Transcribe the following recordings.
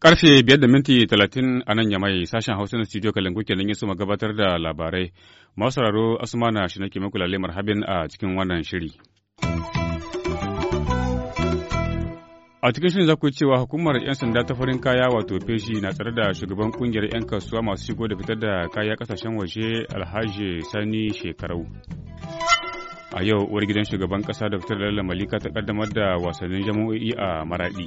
Karfe biyar da minti talatin a nan yamai sashen Hausa na studio Kalangu kenan yasu gabatar da labarai. Masu sauraro na shi na muku marhabin a cikin wannan shiri. A cikin shirin za ku cewa hukumar 'yan sanda ta farin kaya wato feshi na tsare da shugaban kungiyar 'yan kasuwa masu shigo da fitar da kaya kasashen waje alhaji sani shekarau. A yau uwar gidan shugaban kasa da fitar da malika ta kaddamar da wasannin jama'o'i a maradi.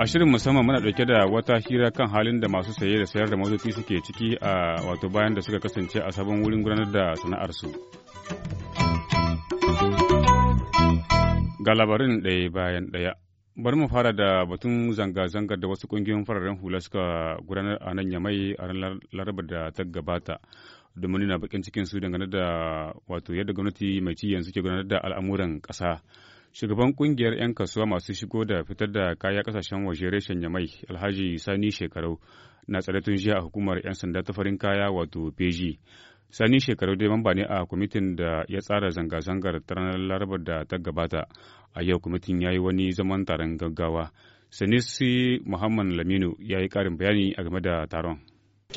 A shirin musamman muna ɗauke da wata hira kan halin da masu saye da sayar da motoci suke ciki a wato bayan da suka kasance a sabon wurin gudanar da sana'arsu. Ga labarin ɗaya bayan ɗaya. Bari mu fara da batun zanga-zangar da wasu ƙungiyoyin fararen hula suka gudanar a nan Yamai a ranar Laraba da ta gabata. Domin nuna bakin cikin su dangane da wato yadda gwamnati mai ci yanzu ke gudanar da al'amuran ƙasa. Shugaban ƙungiyar 'yan kasuwa masu shigo da fitar da kaya ƙasashen waje reshen Yamai Alhaji Sani Shekarau na tsare tun jiya a hukumar 'yan sanda ta farin kaya wato peji Sani shekaru dai mamba ne a kwamitin da ya tsara zanga-zangar ta ranar Larabar da ta gabata. A yau kwamitin ya yi wani zaman taron gaggawa. Sanisi Muhammad Laminu ya yi karin bayani a game da taron.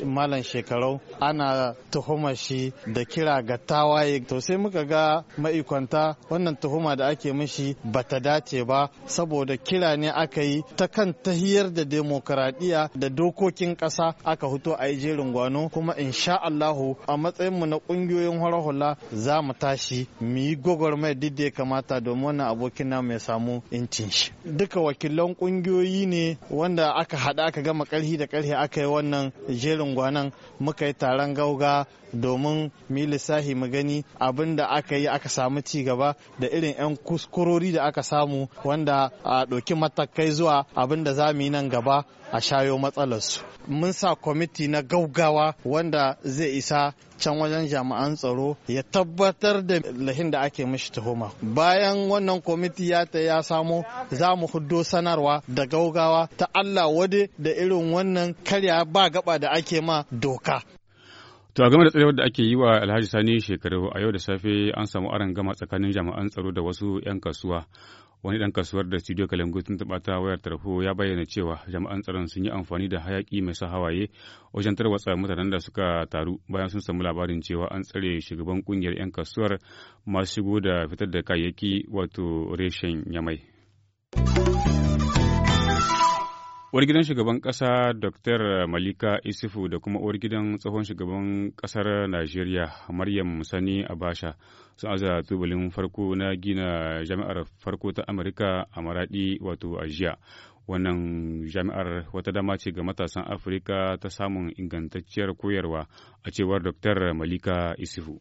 malam shekarau ana tuhuma shi da kira ga tawaye to sai muka ga maikwanta wannan tuhuma da ake mishi bata dace ba saboda kira ne aka yi ta kan tahiyar da demokaradiyya da dokokin ƙasa aka huto a yi jerin gwano kuma insha Allahu a matsayinmu na ƙungiyoyin hula za mu tashi mu yi mai duk da ya kamata domin wannan abokin namu ya samu incin shi duka wakilan ƙungiyoyi ne wanda aka haɗa aka gama ƙarfi da ƙarfi aka yi wannan jerin irin gwanan muka yi taron gauga domin mu yi lissahi mu gani abin da aka yi aka samu ci gaba da irin 'yan kuskurori da aka samu wanda a ɗauki matakai zuwa abin da za mu yi nan gaba a shayo matsalarsu. Mun sa kwamiti na gaugawa wanda zai isa can wajen jami'an tsaro ya tabbatar da lahin da ake mishi tuhuma. Bayan wannan kwamiti ya ta ya samo za mu huddo sanarwa da gaugawa ta Allah wade da irin wannan karya ba gaba da ake ake ma doka. To a game da tsarewar da ake yi wa Alhaji Sani shekaru a yau da safe an samu aron gama tsakanin jami'an tsaro da wasu 'yan kasuwa. Wani ɗan kasuwar da studio Kalangu sun taɓa ta wayar tarho ya bayyana cewa jama'an tsaron sun yi amfani da hayaƙi mai sa hawaye wajen tarwatsa mutanen da suka taru bayan sun samu labarin cewa an tsare shugaban kungiyar 'yan kasuwar masu shigo da fitar da kayayyaki wato reshen yamai. uwar gidan shugaban kasa dr malika isifu da kuma uwar gidan tsohon shugaban kasar najeriya maryam sani abasha sun aza tubalin farko na gina jami'ar farko ta amurka a maradi wato ajiya wannan jami'ar wata dama ce ga matasan afirka ta samun ingantacciyar koyarwa a cewar dr malika isifu.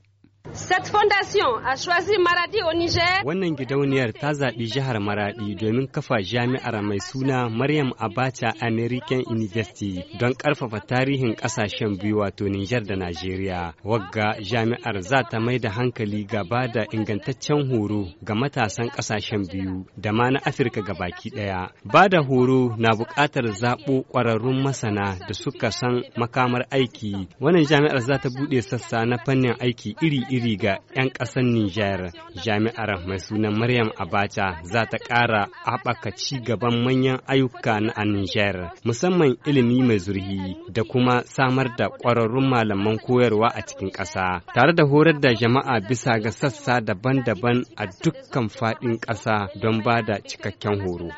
Cette fondation a choisi Maradi au Niger. Wannan gidauniyar ta zaɓi jihar Maradi domin kafa jami'ar mai suna Maryam Abacha American University don ƙarfafa tarihin ƙasashen biyu wato Niger da Najeriya. Wagga jami'ar za ta mai da hankali gaba da ingantaccen horo ga matasan ƙasashen biyu da ma na Afirka gabaki ɗaya. Ba da horo na buƙatar zaɓo ƙwararrun masana da suka san makamar aiki. Wannan jami'ar za ta buɗe sassa na fannin aiki iri iri ga 'yan ƙasar Nijar. Jami'ar mai suna Maryam Abacha za ta ƙara haɓaka ci gaban manyan ayyuka na a Nijar, musamman ilimi mai zurhi da kuma samar da ƙwararrun malaman koyarwa a cikin ƙasa, tare da horar da jama'a bisa ga sassa daban-daban a dukkan faɗin ƙasa don ba da cikakken horo.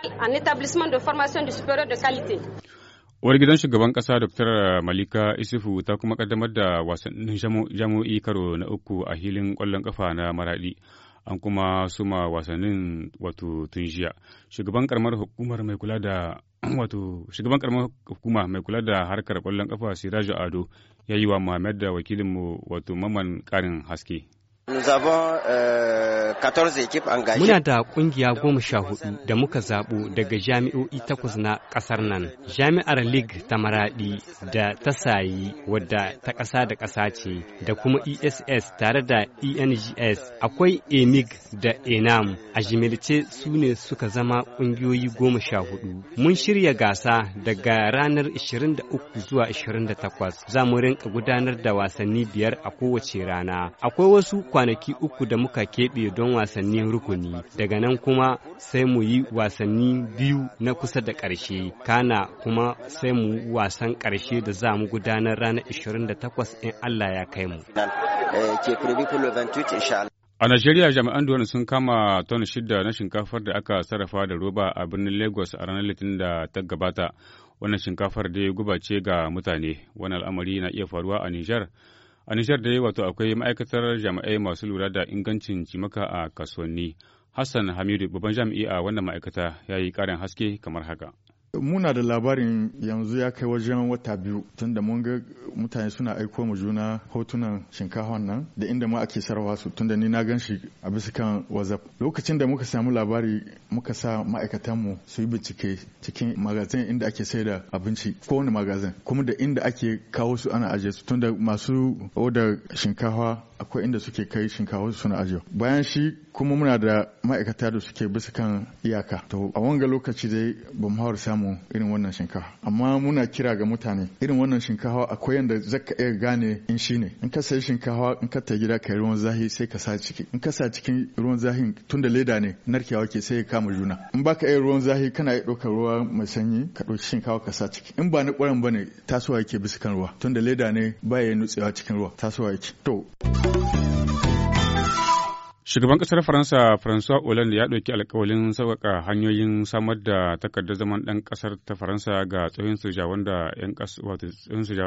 Uwar gidan shugaban kasa Dr. Malika Isufu ta kuma ƙaddamar da wasannin jamo'i karo na uku a hilin kwallon kafa na Maraɗi. An kuma suma wasannin wato tunjiya. Shugaban karamar hukumar mai kula da wato shugaban karamar hukuma mai kula da harkar kwallon kafa Siraju Ado ya yi wa Muhammad da wakilinmu wato Maman karin haske. Euh, Muna da ƙungiya goma sha hudu da muka zaɓo daga jami'o'i takwas na ƙasar nan. Jami'ar Lig ta Maraɗi da ta sayi wadda ta ƙasa da ƙasa ce da kuma ESS tare da ENGS akwai Emig da ENAM a jimilce su ne suka zama ƙungiyoyi goma sha hudu. Mun shirya gasa daga ranar 23 zuwa 28 za mu rinka gudanar da wasanni biyar a kowace rana. Akwai wasu kwanaki uku da muka keɓe don wasannin rukuni, daga nan kuma sai mu yi wasanni biyu na kusa da ƙarshe, kana kuma sai mu wasan ƙarshe da za mu gudanar ranar 28 in Allah ya kai mu. A Najeriya jami'an duwar sun kama ton shida na shinkafar da aka sarrafa da roba a birnin Lagos a ranar Litinin da ta gabata. Wannan shinkafar dai ya ga mutane. Wannan al'amari na iya faruwa a Nijar A Nishar da wato akwai ma'aikatar jami'ai masu lura da ingancin jimaka a kasuwanni. Hassan Hamidu babban jami'i a wannan ma'aikata ya yi ƙarin haske kamar haka. muna da labarin yanzu ya kai wajen wata biyu da mun ga mutane suna aiko mu juna hotunan shinkafa nan da inda ma ake sarwa su tun da ni na gan shi a bisa kan whatsapp lokacin da muka samu labari muka sa ma'aikatan mu su yi bincike cikin magazin inda ake sai da abinci ko wani magazin kuma da inda ake kawo su ana ajiye su tun da masu oda shinkafa akwai inda suke kai shinkafa suna ajiye bayan shi kuma muna da ma'aikata da suke bisa kan iyaka to a wanga lokaci dai bamu hawar samu samu irin wannan shinkafa amma muna kira ga mutane irin wannan shinkafa akwai yanda zaka iya gane in shine in ka sayi shinkafa in ka ta gida kai ruwan zahi sai ka sa ciki in ka sa cikin ruwan zahin tunda leda ne narkewa ke sai ya kama juna in baka iya ruwan zahi kana iya ɗaukar ruwa mai sanyi ka ɗauki shinkafa ka sa ciki in ba ni ƙwarin ne tasowa yake bisa kan ruwa tunda leda ne ba ya nutsewa cikin ruwa tasowa yake to Shugaban ƙasar Faransa François Hollande ya ɗauki alkawalin sauƙaƙa hanyoyin samar da takardar zaman ɗan ƙasar ta Faransa ga tsohon sojawan da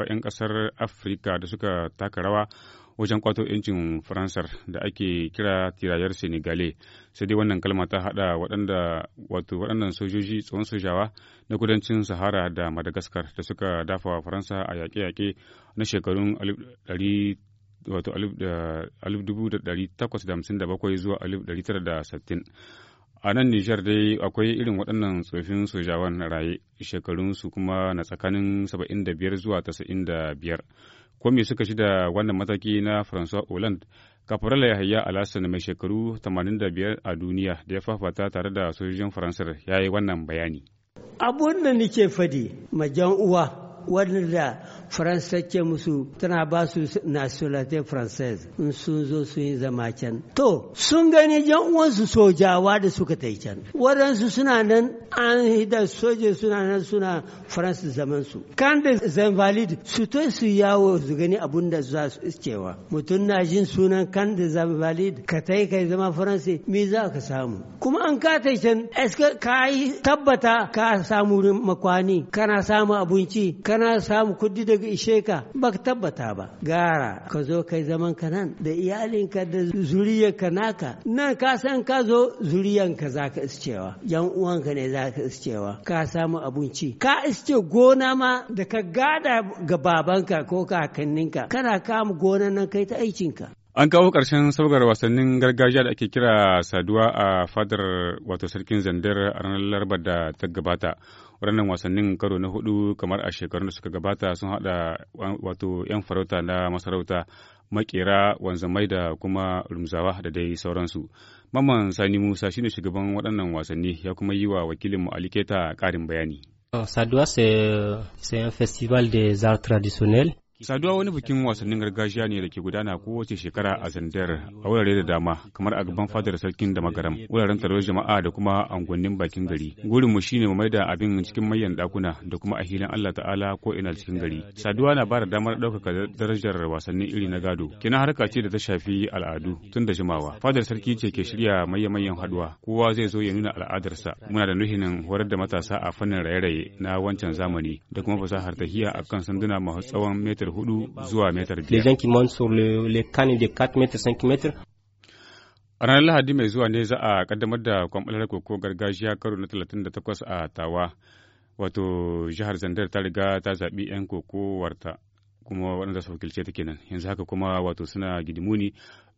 ‘yan ƙasar Afirka da suka taka rawa wajen kwato 'yancin Faransar da ake kira tirayar Senegale. Sai dai wannan kalma ta haɗa waɗanda waɗannan sojoji tsohon sojawa na kudancin Sahara da Madagascar da suka dafa Faransa a yaƙe-yaƙe na shekarun wato alif dubu da ɗari takwas da hamsin da bakwai zuwa alif ɗari tara da sittin. A nan Nijar dai akwai irin waɗannan tsofin sojawan raye shekarunsu kuma na tsakanin saba'in da biyar zuwa tasa'in da biyar. Ko me suka shida wannan mataki na francois Hollande Kafarala Yahaya alasan mai shekaru 85 a duniya da ya fafata tare da sojojin Faransar ya yi wannan bayani. Abun da nake fadi majan uwa wanda faransa ce musu tana ba su nationalité française in sun zo sun yi zama can to sun gani yan uwansu sojawa da suka ta can waɗansu suna nan an hidda soje suna nan suna faransa zaman su kan da valide su to su yawo su gani abun da za su cewa mutum na jin sunan kan da valide ka ta kai zama faransa me za ka samu kuma an ka ta can eske ka tabbata ka samu makwani kana samu abinci kana samu kuɗi da zai ishe ka ba ka tabbata ba gara ka zo kai zaman ka nan da iyalinka da zuriyarka naka nan ka san ka zo zuriyanka za ka iscewa yan uwanka ne za ka iscewa ka samu abinci ka isce gona ma da ka gada ga babanka ko kakanninka kana kama gonan nan kai ta aikinka An kawo ƙarshen saukar wasannin gargajiya da ake kira saduwa a fadar wato sarkin zandar a ranar larabar da ta gabata. Waɗannan wasannin karo na hudu kamar a shekarun da suka gabata sun haɗa wato 'yan farauta na masarauta makera wanzamai da kuma rumzawa da dai sauransu. mamman Sani Musa shi ne shugaban waɗannan wasanni ya kuma yi wa wakilinmu Aliketa ƙarin bayani. Saduwa c'est un festival des arts traditionnels Saduwa wani bikin wasannin gargajiya ne da ke gudana kowace shekara a Zandar a wurare da dama kamar a gaban fadar sarkin da magaram wuraren taron jama'a da kuma angonnin bakin gari. Gurin mu shine mu maida abin cikin manyan dakuna da kuma a hilin Allah Ta'ala ko ina cikin gari. Saduwa na bada damar ɗaukaka darajar wasannin iri na gado. Kina harka ce da ta shafi al'adu tun da jimawa. Fadar sarki ce ke shirya maye mayan haduwa. Kowa zai zo ya nuna al'adarsa. Muna da nuhinin horar da matasa a fannin raye-raye na wancan zamani da kuma fasahar tahiya akan sanduna masu tsawon metar metar hudu zuwa metar biyar. A ranar Lahadi mai zuwa ne za a kaddamar da kwamfalar koko gargajiya karo na 38 a Tawa. Wato jihar Zandar ta riga ta zaɓi 'yan koko warta kuma waɗanda su wakilce ta kenan. Yanzu haka kuma wato suna gidimuni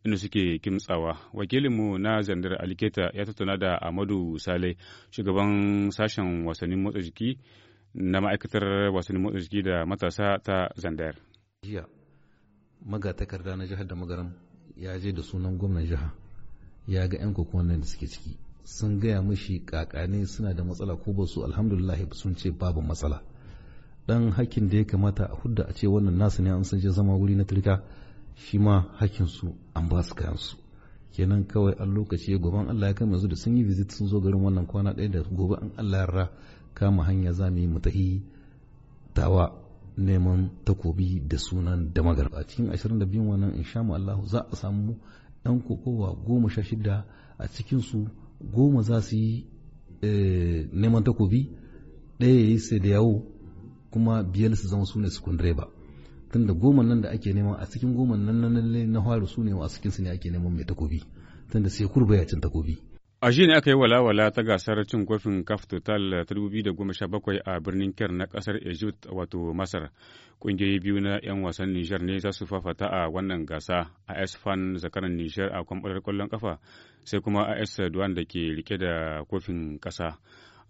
inda suke kimtsawa. Wakilinmu na Zandar Aliketa ya tattauna da Amadu Sale, shugaban sashen wasannin motsa jiki na ma'aikatar wasu motsa jiki da matasa ta Zandayar. Jiya magatakarda na jihar da magaram ya je da sunan gwamnan jiha ya ga 'yan kokon nan da suke ciki sun gaya mashi kakane suna da matsala ko ba su alhamdulillah sun ce babu matsala dan hakkin da ya kamata a hudda a ce wannan nasu ne an san je zama wuri na turka shi ma hakkin su an ba su kayan su kenan kawai an lokaci gobe Allah ya kai yanzu da sun yi visit sun zo garin wannan kwana ɗaya da gobe an Allah ya kama hanya za mu yi mu tahi tawa neman takobi da sunan da magarba a cikin 22 wannan insha Allah za a samu dan kokowa goma sha shida a cikinsu goma za su yi eh, neman takobi ɗaya ya yi sai da yawo kuma biyar su zama su ne sukun direba tunda goma nan da ake neman a cikin goma nan na lalle na su ne a cikin su ne ake neman mai takobi tunda sai kurba ya cin takobi A ji ne aka yi walawala ta gasar cin kofin CAF Total ta 2017 a birnin Ker na kasar Egypt wato Masar. Ƙungiyoyi biyu na 'yan wasan Nijar ne za su fafata a wannan gasa a fan zakaran Nijar a kwamfutar kwallon kafa sai kuma AS Duwan da ke rike da kofin ƙasa.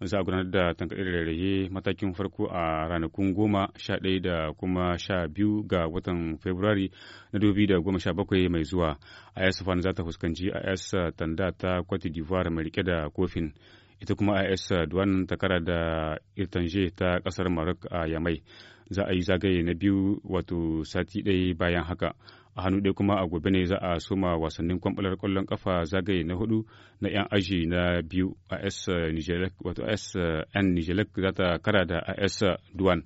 za a gudanar da tankaɗe da rairaye matakin farko a ranakun goma sha ɗaya da kuma sha biyu ga watan februari na dubi da goma sha bakwai mai zuwa. AS Fan za ta fuskanci AS Tanda ta Cote d'Ivoire mai rike da kofin. Ita kuma AS Duwan takara da Irtanje ta ƙasar Maroc a Yamai. Za a yi zagaye na biyu wato sati ɗaya bayan haka. a hannu ɗaya kuma a gobe ne za a soma wasannin kwamɓalar ƙwallon ƙafa zagaye na hudu na 'yan aji na biyu a s eh, nijelek wato s eh, n nijelek za ta kara da a s eh, duwan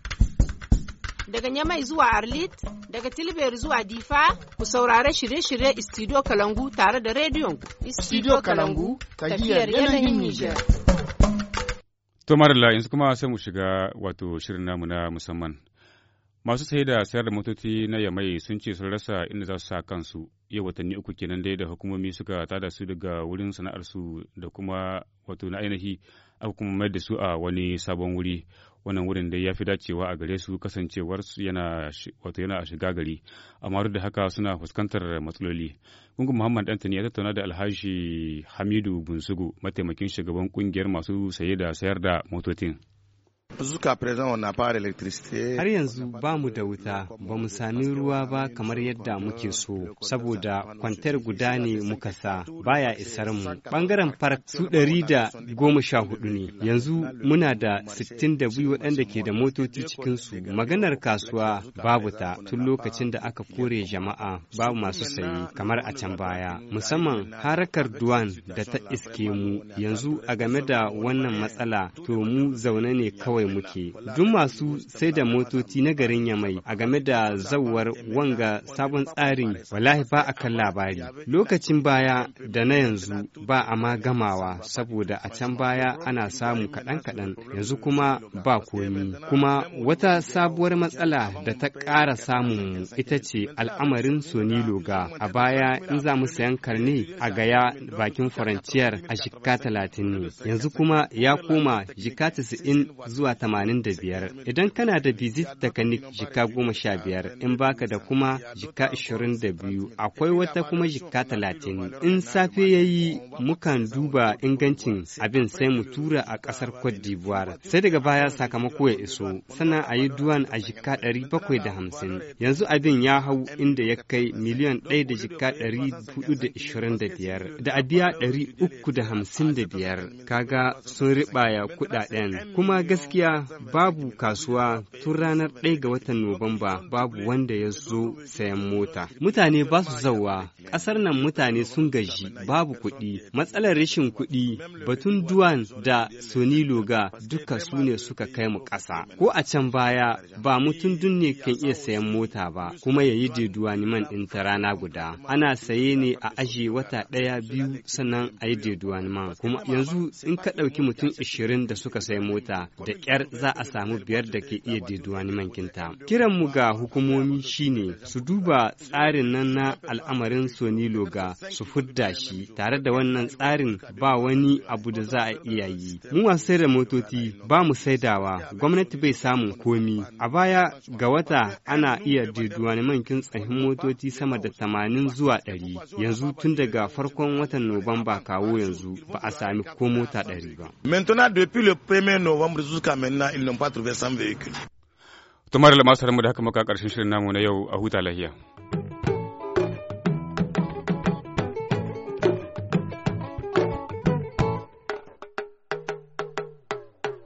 daga Nyamai zuwa Arlit, daga Tilber zuwa Difa, ku saurare shirye-shirye Istidio Kalangu tare da rediyon Istidio Kalangu, tafiyar yanayin niger. To la yanzu kuma sai mu shiga wato shirin namu na musamman. Masu sai da sayar da motoci na Yamai sun ce sun rasa inda za su sa kansu yau watanni uku kenan dai da hukumomi suka tada su daga wurin sana'arsu da kuma wato na ainihi aka kuma mayar da su a wani sabon wuri wannan wurin dai ya fi dacewa a gare su kasancewar su yana wato yana shiga gari amma duk da haka suna fuskantar matsaloli gungun muhammad dantani ya tattauna da alhaji hamidu bunsugu mataimakin shugaban kungiyar masu saye da sayar da motocin Har yanzu ba mu da wuta, ba mu sami ruwa ba kamar yadda muke so, saboda kwantar guda ne muka sa baya isar mu. Bangaren park su ɗari da goma sha hudu ne, yanzu muna da sittin da biyu waɗanda ke da motoci cikinsu. Maganar kasuwa babu ta tun lokacin da aka kore jama'a babu masu saye kamar a can baya, musamman harakar duwan da ta iske mu yanzu a game da wannan matsala to mu zaune ne kawai kawai muke, duk masu sai da motoci na garin Yamai a game da zawar wanga sabon tsarin wallahi ba a kan labari. Lokacin baya da na yanzu ba a ma gamawa saboda a can baya ana samu kaɗan-kaɗan yanzu kuma ba komi. Kuma wata sabuwar matsala da ta ƙara samun ita ce al'amarin Sonilo ga a baya in za mu sayan karne a gaya bakin faranciyar a shika talatin ne yanzu kuma ya koma shika tasa'in zuwa tamanin da biyar idan kana da visit technic jika goma sha biyar in baka da kuma jika ashirin da biyu akwai wata kuma jika talatin in safe ya yi mukan duba ingancin abin sai mu tura a kasar cote d'ivoire sai daga baya sakamako ya iso sannan a yi duwan a jika ɗari bakwai da hamsin yanzu abin ya hau inda ya kai miliyan ɗaya da jika ɗari hudu da ashirin da biyar da a biya ɗari uku da hamsin da biyar kaga sun ya kuɗaɗen kuma gaskiya gaskiya babu kasuwa tun ranar ɗaya ga watan Nuwamba babu wanda ya zo sayan mota. Mutane ba su zauwa, ƙasar nan mutane sun gaji babu kuɗi, matsalar rashin kuɗi, batun duwan da Soni Loga duka su ne suka kai mu ƙasa. Ko a can baya ba mutum dun ne kan iya sayan mota ba, kuma ya yi deduwaniman ɗin ta rana guda. Ana saye ne a aji wata ɗaya biyu sannan a yi man Kuma yanzu in ka ɗauki mutum ashirin da suka sayan mota da yar za a samu biyar da ke iya daiduwani mankinta. Kiran mu ga hukumomi shine su duba tsarin nan na al'amarin Sonilo ga su fudda shi tare da wannan tsarin ba wani abu da za a iya yi. Mu wasu da motoci ba mu saidawa gwamnati bai samun komi. A baya ga wata ana iya daiduwani mankin tsahin motoci sama da tamanin zuwa ɗari. Yanzu tun daga farkon watan Nuwamba kawo yanzu ba a sami ko mota ɗari ba. Maintenant depuis le 1er novembre jusqu'à maintenant ils n'ont pas trouvé 100 véhicules. le da mu da haka muka karshen shirin namu na yau a huta lahiya.